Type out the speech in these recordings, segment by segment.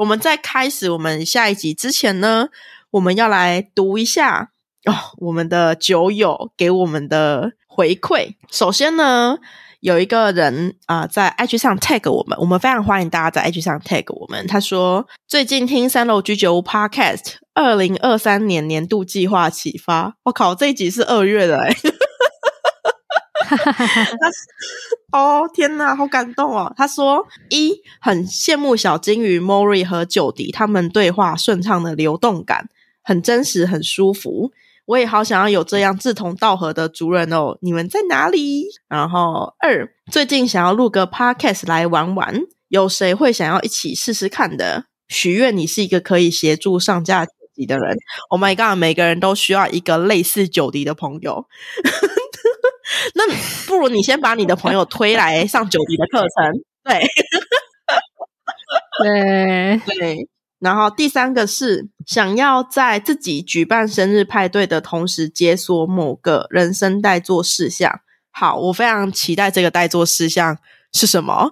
我們在開始我們下一集之前呢，我們要來讀一下哦，我們的酒友給我們的回饋。首先呢，有一個人啊、呃，在 IG 上 tag 我們，我們非常歡迎大家在 IG 上 tag 我們。他說最近聽三樓居酒屋 Podcast 二零二三年年度計劃啟發。我、哦、靠，這一集是二月的哎、欸。 哦，天哪，好感動哦！他說：一，很羨慕小金魚 Mori 和久迪他們對話順暢的流動感，很真實，很舒服。我也好想要有這樣志同道合的族人哦，你們在哪裡？然後二，最近想要錄個 podcast 來玩玩，有誰會想要一起試試看的？許願你是一個可以協助上架久迪的人。Oh my God，每個人都需要一個類似久迪的朋友。 呵呵， 那不如你先把你的朋友推來上久迪的課程，對， 對對，對。然後第三個是想要在自己舉辦生日派對的同時解鎖某個人生待做事項。好，我非常期待這個待做事項是什麼。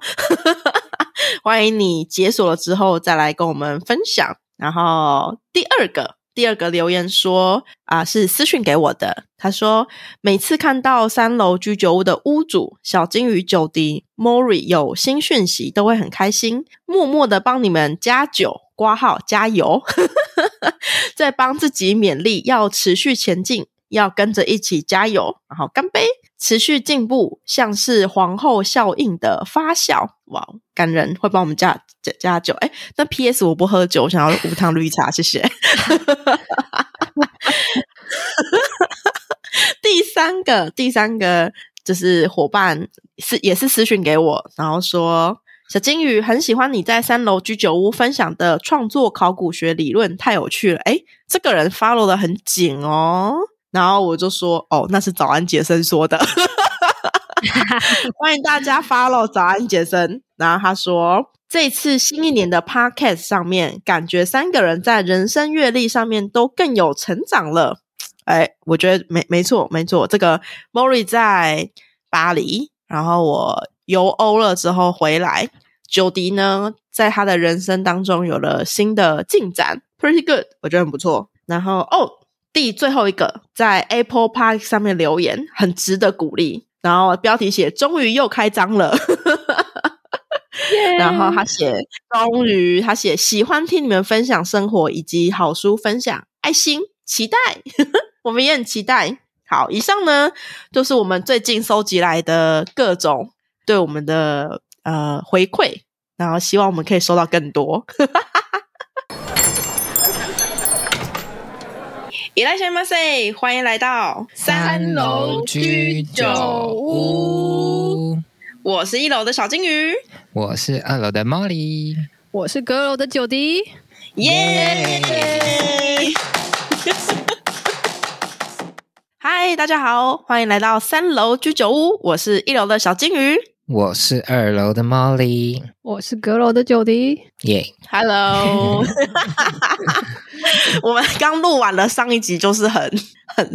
歡迎你解鎖了之後再來跟我們分享。然後第二個。第二個留言說啊、呃，是私訊給我的。他說，每次看到三樓居酒屋的屋主小金魚久迪 Mori 有新訊息，都會很開心，默默的幫你們加酒、掛號、加油，在 幫自己勉勵，要持續前進，要跟着一起加油，然後乾杯。持續進步，像是皇后效應的發酵，哇，感人，會幫我們加，加，加酒哎。那 PS 我不喝酒，我想要無糖綠茶，謝謝。 第三個，第三個就是夥伴是也是私訊給我，然後說，小金魚很喜歡你在三樓居酒屋分享的創作考古學理論，太有趣了。哎，這個人 follow 的很緊哦。然後我就說：“哦，那是早安傑森說的。 ”歡迎大家 follow 早安傑森。然後他說：“這次新一年的 podcast 上面，感覺三個人在人生閱歷上面都更有成長了。”哎，我覺得沒沒錯，沒錯。這個 Mori 在巴黎，然後我遊歐了之後回來，久迪呢，在他的人生當中有了新的進展，pretty good，我覺得很不錯。然後哦。第最後一個在 Apple Park 上面留言，很值得鼓勵。然後標題寫“終於又開張了”， Yeah 然後他寫“終於”，他寫“喜歡聽你們分享生活以及好書分享，愛心期待，呵呵，我們也很期待”。好，以上呢就是我們最近收集來的各種對我們的呃回饋，然後希望我們可以收到更多。 你先嗎？誰？歡迎來到三樓居酒屋。我是一樓的小金魚，我是二樓的 Mori，我是閣樓的久迪。耶！嗨，大家好，歡迎來到三樓居酒屋。我是一樓的小金魚。我是二樓的 Mori 我是閣樓的久迪，耶，Hello，我們剛錄完了上一集，就是很很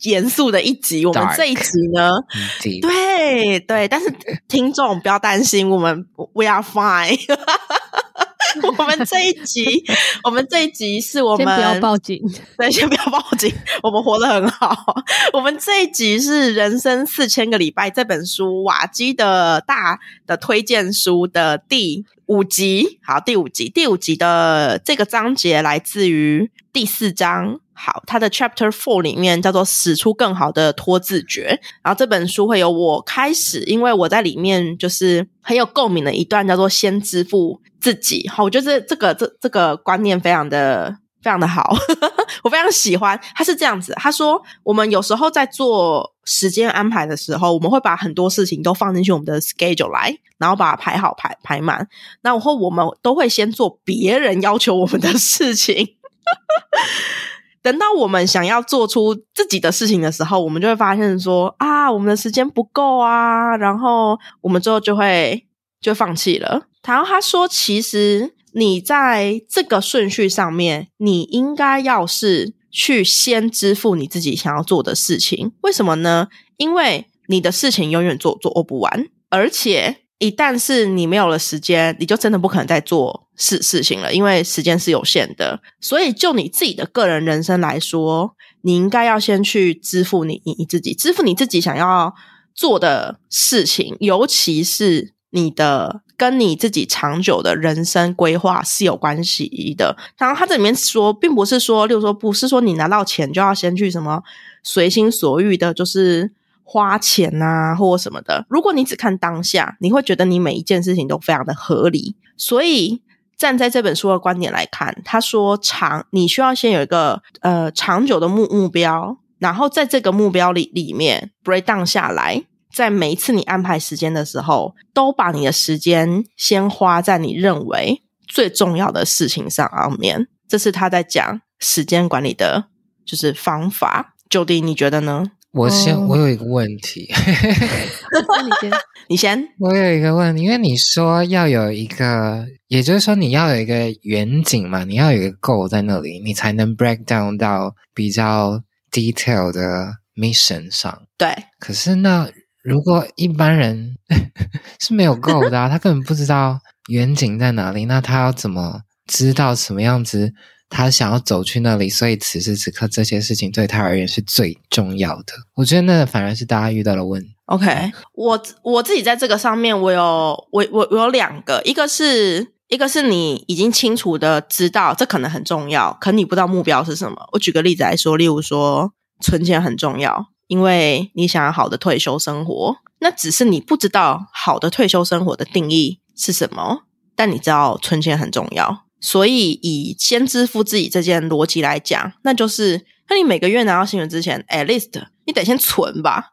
嚴肅的一集，我們這一集呢，Dark. Indeed. 對對，但是聽眾不要擔心，我們 We are fine。 我們這一集，我們這一集是我們先不要報警，對，先不要報警，我們活得很好。 我們這一集是《人生四千個禮拜》這本書瓦基的大的推薦書的第。五集好，第五集，第五集的這個章節來自於第四章，好，它的 Chapter Four 裡面叫做“使出更好的拖字訣”，然後這本書會由我開始，因為我在裡面就是很有共鳴的一段，叫做“先支付自己”，好，我覺得這個這這個觀念非常的。非常的好， 我非常喜歡。他是這樣子，他說我們有時候在做時間安排的時候，我們會把很多事情都放進去我們的 schedule 來，然後把它排好排、排排滿。然後我們都會先做別人要求我們的事情。 等到我們想要做出自己的事情的時候，我們就會發現說啊，我們的時間不夠啊。然後我們之後就會就放棄了。然後他說，其實。你在這個順序上面，你應該要是去先支付你自己想要做的事情，為什麼呢？因為你的事情永遠做做不完，而且一旦是你沒有了時間，你就真的不可能再做事事情了，因為時間是有限的。所以，就你自己的個人人生來說，你應該要先去支付你你自己，支付你自己想要做的事情，尤其是你的。跟你自己長久的人生規劃是有關係的。然後他這裡面說，並不是說，例如說不是，是說你拿到錢就要先去什麼隨心所欲的，就是花錢啊或什麼的。如果你只看當下，你會覺得你每一件事情都非常的合理。所以站在這本書的觀點來看，他說長，你需要先有一個呃長久的目目標，然後在這個目標裡裡面 break down 下來。在每一次你安排時間的時候，都把你的時間先花在你認為最重要的事情上面。這是他在講時間管理的，就是方法。久迪，你覺得呢？我先，嗯、我有一個問題。 你先， 你先。我有一個問題，因為你說要有一個，也就是說你要有一個遠景嘛，你要有一個 goal 在那裡，你才能 break down 到比較 detail 的 mission 上。對。可是那。如果一般人 是沒有夠的、啊，他根本不知道遠景在哪裡， 那他要怎麼知道什麼樣子？他想要走去那裡？所以此時此刻，這些事情對他而言是最重要的。我覺得那反而是大家遇到的問題。OK，我我自己在這個上面我，我有我我我有兩個，一個是一個是你已經清楚的知道，這可能很重要，可你不知道目標是什麼。我舉個例子來說，例如說存錢很重要。因為你想要好的退休生活，那只是你不知道好的退休生活的定義是什麼。但你知道存錢很重要，所以以先支付自己這件邏輯來講，那就是：那你每個月拿到薪水之前誒，at least 你得先存吧，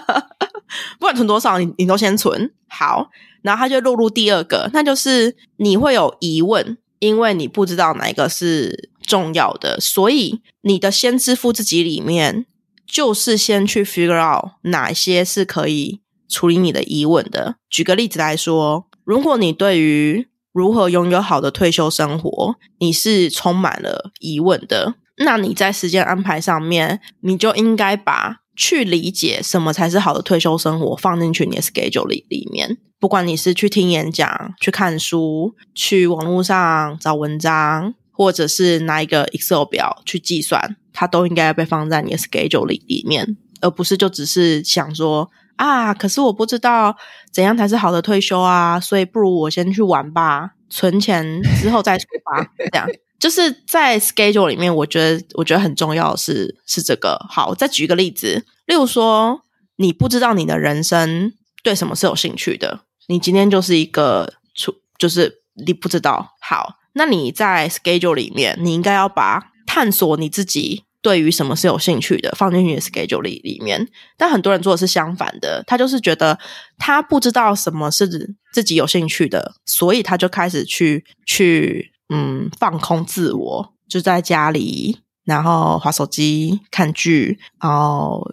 不管存多少，你你都先存。好。然後他就落入第二個，那就是你會有疑問，因為你不知道哪一個是重要的，所以你的先支付自己裡面。就是先去 figure out 哪些是可以處理你的疑問的。舉個例子來說，如果你對於如何擁有好的退休生活，你是充滿了疑問的，那你在時間安排上面，你就應該把去理解什麼才是好的退休生活放進去你的 schedule 裡裡面。不管你是去聽演講、去看書、去網絡上找文章，或者是拿一個 Excel 表去計算。它都應該被放在你的 schedule 裡裡面，而不是就只是想說啊，可是我不知道怎樣才是好的退休啊，所以不如我先去玩吧，存錢之後再說吧。 這樣就是在 schedule 裡面，我覺得我覺得很重要的是是這個。好，我再舉一個例子，例如說你不知道你的人生對什麼是有興趣的，你今天就是一個處，就是你不知道。好，那你在 schedule 裡面，你應該要把探索你自己。對於什麼是有興趣的，放進去 schedule 裡，裡面。但很多人做的是相反的，他就是覺得他不知道什麼是自己有興趣的，所以他就開始去去嗯放空自我，就在家裡，然後滑手機、看劇，然後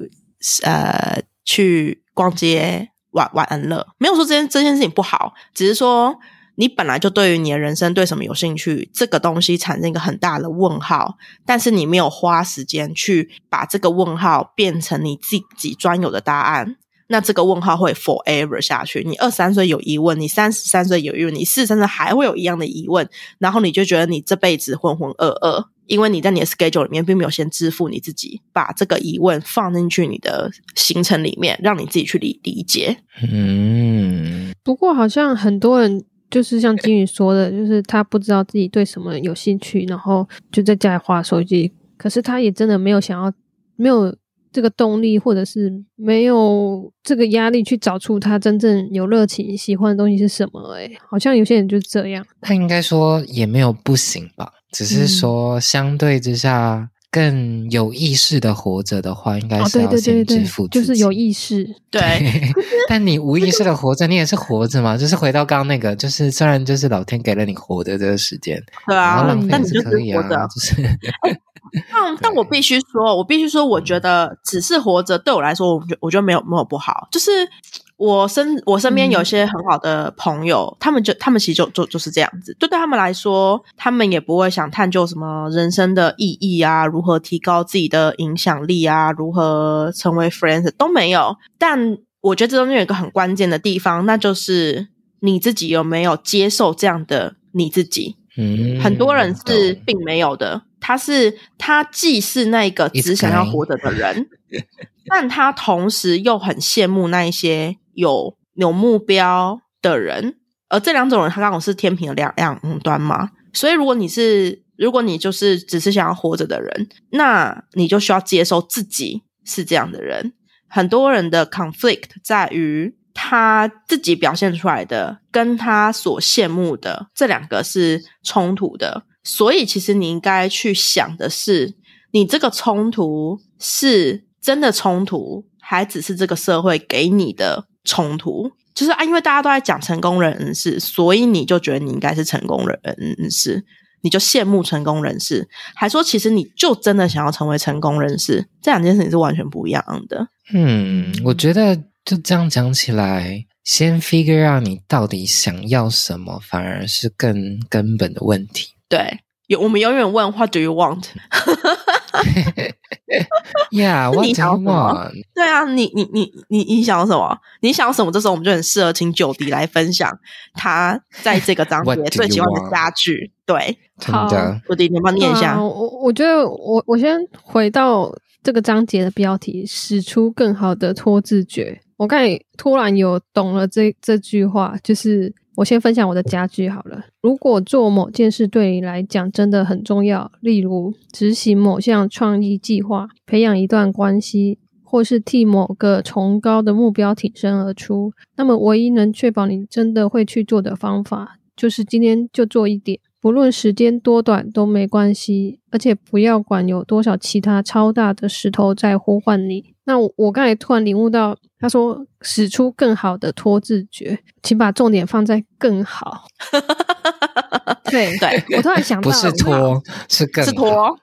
呃去逛街、玩玩樂。沒有說這件這件事情不好，只是說。你本來就對於你的人生對什麼有興趣，這個東西產生一個很大的問號，但是你沒有花時間去把這個問號變成你自己專有的答案，那這個問號會 forever 下去。你二十三歲有疑問，你三十三歲有疑問，你四十三歲還會有一樣的疑問，然後你就覺得你這輩子渾渾噩噩，因為你在你的 schedule 裡面並沒有先支付你自己，把這個疑問放進去你的行程裡面，讓你自己去理理解。嗯，不過好像很多人。就是像金魚說的，就是他不知道自己對什麼有興趣，然後就在家裡滑手機。可是他也真的沒有想要，沒有這個動力，或者是沒有這個壓力去找出他真正有熱情、喜歡的東西是什麼。誒，好像有些人就是這樣。他應該說也沒有不行吧，只是說相對之下。嗯更有意識的活着的話，應該是要先支付自己、哦對對對對，就是有意識。對， 但你無意識的活着，你也是活着嘛？就是回到剛剛那個，就是雖然就是老天給了你活的這個時間，對啊，是可以啊，但你就是活着。就是，哦、但但我必須說，我必須說，我覺得只是活着，對我來說，我覺我覺得沒有沒有不好，就是。我身我身邊有些很好的朋友，嗯、他們就他們其實就就就是這樣子，就對他們來說，他們也不會想探究什麼人生的意義啊，如何提高自己的影響力啊，如何成為 friends 都沒有。但我覺得這中間有一個很關鍵的地方，那就是你自己有沒有接受這樣的你自己？嗯，很多人是並沒有的，嗯、他是他既是那個只想要活着的人。嗯 但他同時又很羨慕那一些有有目標的人，而這兩種人，他剛好是天平的兩兩端嘛。所以，如果你是，如果你就是只是想要活着的人，那你就需要接受自己是這樣的人。很多人的 conflict 在於他自己表現出來的跟他所羨慕的這兩個是衝突的，所以其實你應該去想的是，你這個衝突是。真的衝突還只是這個社會給你的衝突？就是啊，因為大家都在講成功人士，所以你就覺得你應該是成功人士，你就羨慕成功人士，還說其實你就真的想要成為成功人士，這兩件事情是完全不一樣的。嗯，我覺得就這樣講起來，先 figure out 你到底想要什麼，反而是更根本的問題。對，有我們永遠問 what do you want？、嗯 哈哈哈哈哈！ yeah, 你講什麼？對啊，你你你你你想要什麼？你想要什麼？這時候我們就很適合請久迪來分享他在這個章節最喜歡的家具。對，好的 you 對，久迪、uh,，你幫念一下。Uh, 我我覺得我我先回到這個章節的標題，使出更好的拖字訣。我看你突然有懂了這這句話，就是我先分享我的佳句好了。如果做某件事對你來講真的很重要，例如執行某項創意計劃、培養一段關係，或是替某個崇高的目標挺身而出，那麼唯一能確保你真的會去做的方法，就是今天就做一點。無論時間多短都沒關係，而且不要管有多少其他超大的石頭在呼喚你。那我剛才突然領悟到，他說使出更好的拖字訣，請把重點放在更好。對 對，對我突然想到，不是拖，是更，是拖。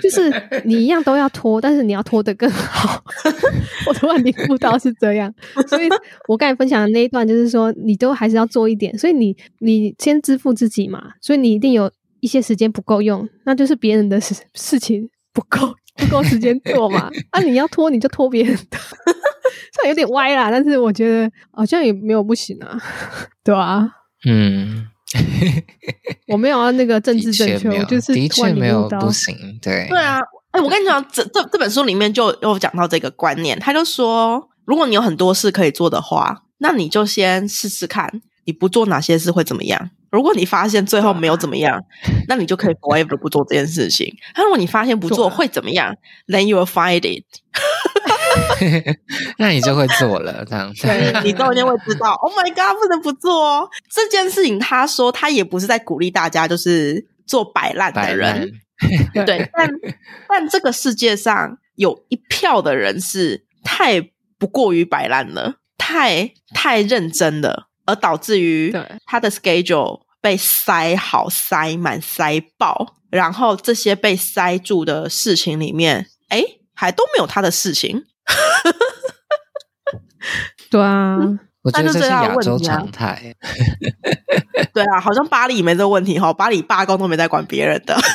就是你一樣都要拖，但是你要拖得更好。 我突然領悟到是這樣，所以我剛才分享的那一段就是說，你都還是要做一點，所以你你先支付自己嘛，所以你一定有一些時間不夠用，那就是別人的事事情不夠不夠時間做嘛。啊，你要拖你就拖別人的，雖 然有點歪啦，但是我覺得好像、哦、也沒有不行啊， 對啊，嗯。 我沒有啊，那個政治正確，確我就是的確沒有不行，對對啊。哎，我跟你講，這這這本書裡面就有講到這個觀念，他就說，如果你有很多事可以做的話，那你就先試試看，你不做哪些事會怎麼樣。如果你發現最後沒有怎麼樣，啊、那你就可以 forever 不做這件事情。 但如果你發現不做會怎麼樣了，then you will find it。 嘿嘿嘿， 那你就會做了，這樣子， 你終有一天會知道。 Oh my god，不能不做哦！這件事情，他說他也不是在鼓勵大家，就是做擺爛的人，白白 對。但但這個世界上有一票的人是太不過於擺爛了，太太認真的，而導致於他的 schedule 被塞好、塞滿、塞爆，然後這些被塞住的事情裡面，誒、欸，還都沒有他的事情。 對啊，嗯、我覺得這是亞洲常態。啊 對啊，好像巴黎沒這個問題哈，巴黎罷工都沒在管別人的。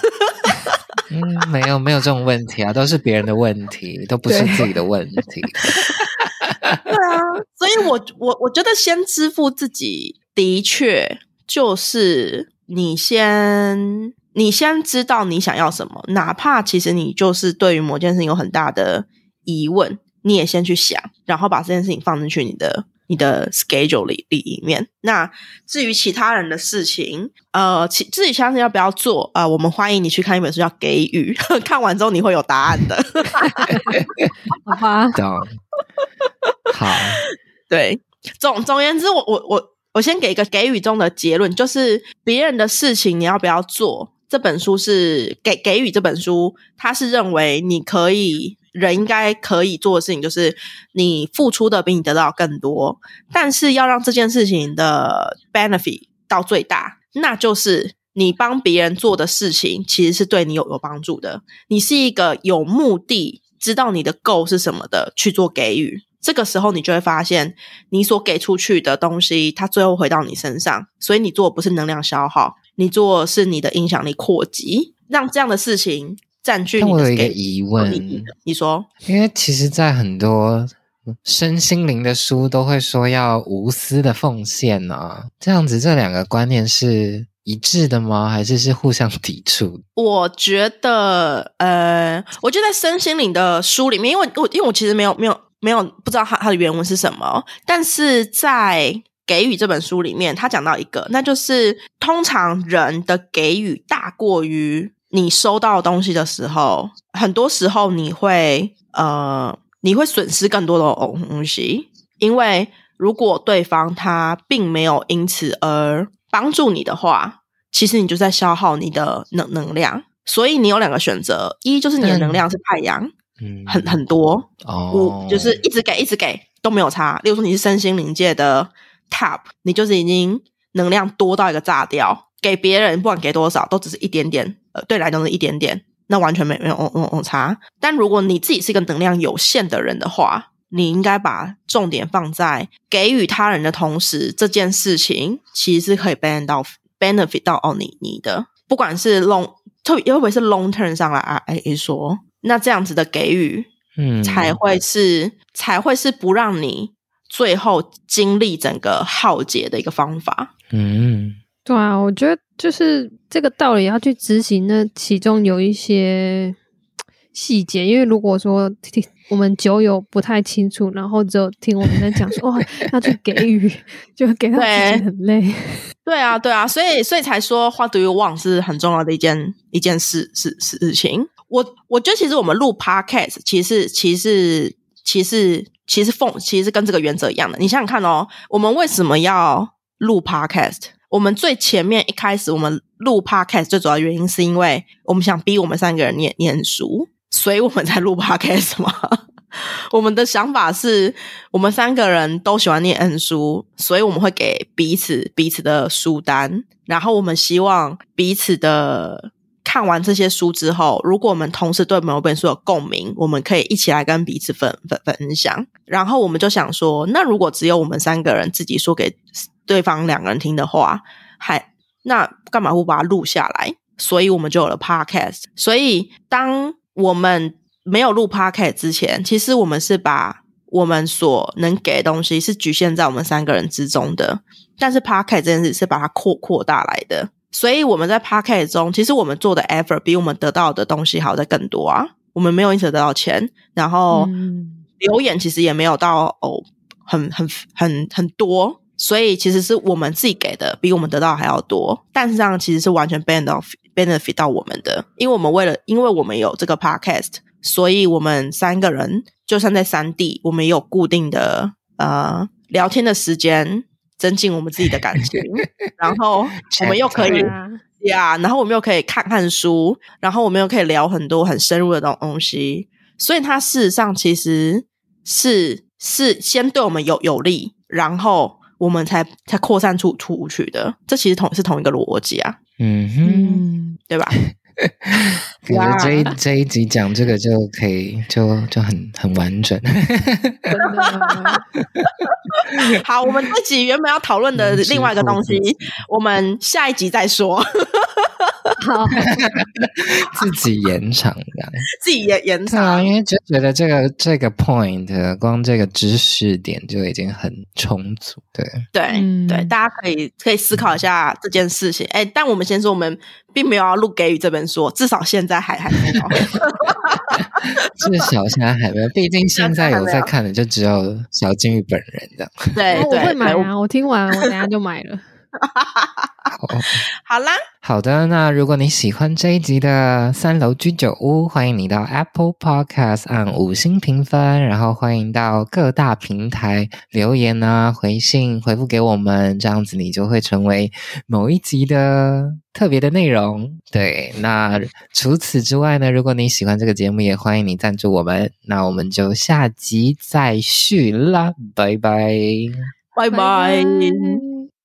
嗯，沒有沒有這種問題啊，都是別人的問題，都不是自己的問題。對啊，所以我我我覺得先支付自己，的確就是你先你先知道你想要什麼，哪怕其實你就是對於某件事情有很大的疑問。你也先去想，然後把這件事情放進去你的你的 schedule 裡裡面。那至於其他人的事情，呃，其自己相信要不要做啊、呃？我們歡迎你去看一本書叫《給予，》 看完之後你會有答案的。好吧，好，對，總總言之我，我我我我先給一個《給予》中的結論，就是別人的事情你要不要做？這本書是《給給予》這本書，他是認為你可以。人應該可以做的事情就是，你付出的比你得到更多，但是要讓這件事情的 benefit 到最大，那就是你幫別人做的事情其實是對你有有幫助的。你是一個有目的、知道你的 goal 是什麼的去做給予，這個時候你就會發現，你所給出去的東西，它最後回到你身上，所以你做不是能量消耗，你做是你的影響力擴及，讓這樣的事情。但我有一個疑問，你說，因為其實，在很多身心靈的書都會說要無私的奉獻啊。這樣子，這兩個觀念是一致的嗎？還是是互相抵觸？我覺得，呃，我覺得在身心靈的書裡面，因為我因為我其實沒有沒有沒有不知道他他的原文是什麼，但是在《給予》這本書裡面，他講到一個，那就是通常人的給予大過於。你收到東西的時候，很多時候你會呃，你會損失更多的東西，因為如果對方他並沒有因此而幫助你的話，其實你就在消耗你的能能量。所以你有兩個選擇：一就是你的能量是太陽，對嗯，很很多哦，五，就是一直給，一直給都沒有差。例如說你是身心靈界的 top，你就是已經能量多到一個炸掉，給別人不管給多少都只是一點點。呃、對，來得是一點點，那完全沒沒有，我我我差。但如果你自己是一個能量有限的人的話，你應該把重點放在給予他人的同時，這件事情其實是可以 benefit 到 benefit 到你你的，不管是 long 特別會會是 long term 上來啊，哎哎說，那這樣子的給予，嗯，才會是才會是不讓你最後經歷整個浩劫的一個方法，嗯。對啊，我覺得就是這個道理要去執行，那其中有一些細節，因為如果說我們酒友不太清楚，然後就聽我們在講說，哇，要去給予， 就給他自己很累對。對啊，對啊，所以所以才說 “What do you want” 是很重要的一件一件事事事，事情。我我覺得其實我們錄 Podcast，其實其實其實其實奉，其實，其實，其實，phone, 其實跟這個原則一樣的。你想想看哦，我們為什麼要錄 Podcast？我們最前面一開始，我們錄 podcast 最主要原因是因為我們想逼我們三個人念念書，所以我們在錄 podcast 嘛。 我們的想法是我們三個人都喜歡念恩書，所以我們會給彼此彼此的書單，然後我們希望彼此的看完這些書之後，如果我們同時對某本書有共鳴，我們可以一起來跟彼此分分分，分享。然後我們就想說，那如果只有我們三個人自己說給。對方兩個人聽的話，還那幹嘛不把它錄下來？所以我們就有了 podcast。所以當我們沒有錄 podcast 之前，其實我們是把我們所能給的東西是局限在我們三個人之中的。但是 podcast 這件事是把它擴擴大來的。所以我們在 podcast 中，其實我們做的 effort 比我們得到的東西好在更多啊。我們沒有因此得到錢，然後、嗯、留言其實也沒有到哦，很很很很很多。所以其實是我們自己給的，比我們得到還要多。但這樣其實是完全 benefit 到我們的，因為我們為了，因為我們有這個 podcast，所以我們三個人就算在三地，我們也有固定的呃，聊天的時間，增進我們自己的感情。 然後我們又可以呀， yeah, 然後我們又可以看看書，然後我們又可以聊很多很深入的東西。所以它事實上其實是是先對我們有有利，然後，我們才才擴散出出去的，這其實同是同一個邏輯啊，嗯，哼嗯，對吧？ 我覺得這一哇這一集講這個就可以就就很很完整。 好，我們這集原本要討論的另外一個東西，我們下一集再說。哈 好， 自己延長 自己延延長、 啊，因為就覺得這個這個 point 光這個知識點就已經很充足，對對對，對嗯、大家可以可以思考一下這件事情。哎，但我們先說，我們並沒有要錄《給予》這本書，至少現在。海海，這個 小蝦還沒。畢竟現在有在看的，就只有小金魚本人的。對，對我會買啊！來我，我聽完，我等下就買了。 Oh, 好啦，好的，那如果你喜歡這一集的三樓居酒屋，歡迎你到 Apple Podcast 按五星評分，然後歡迎到各大平台留言啊、回信回復給我們，這樣子你就會成為某一集的特別的內容。對，那除此之外呢，如果你喜歡這個節目，也歡迎你贊助我們。那我們就下集再續啦，拜拜，拜拜 Bye。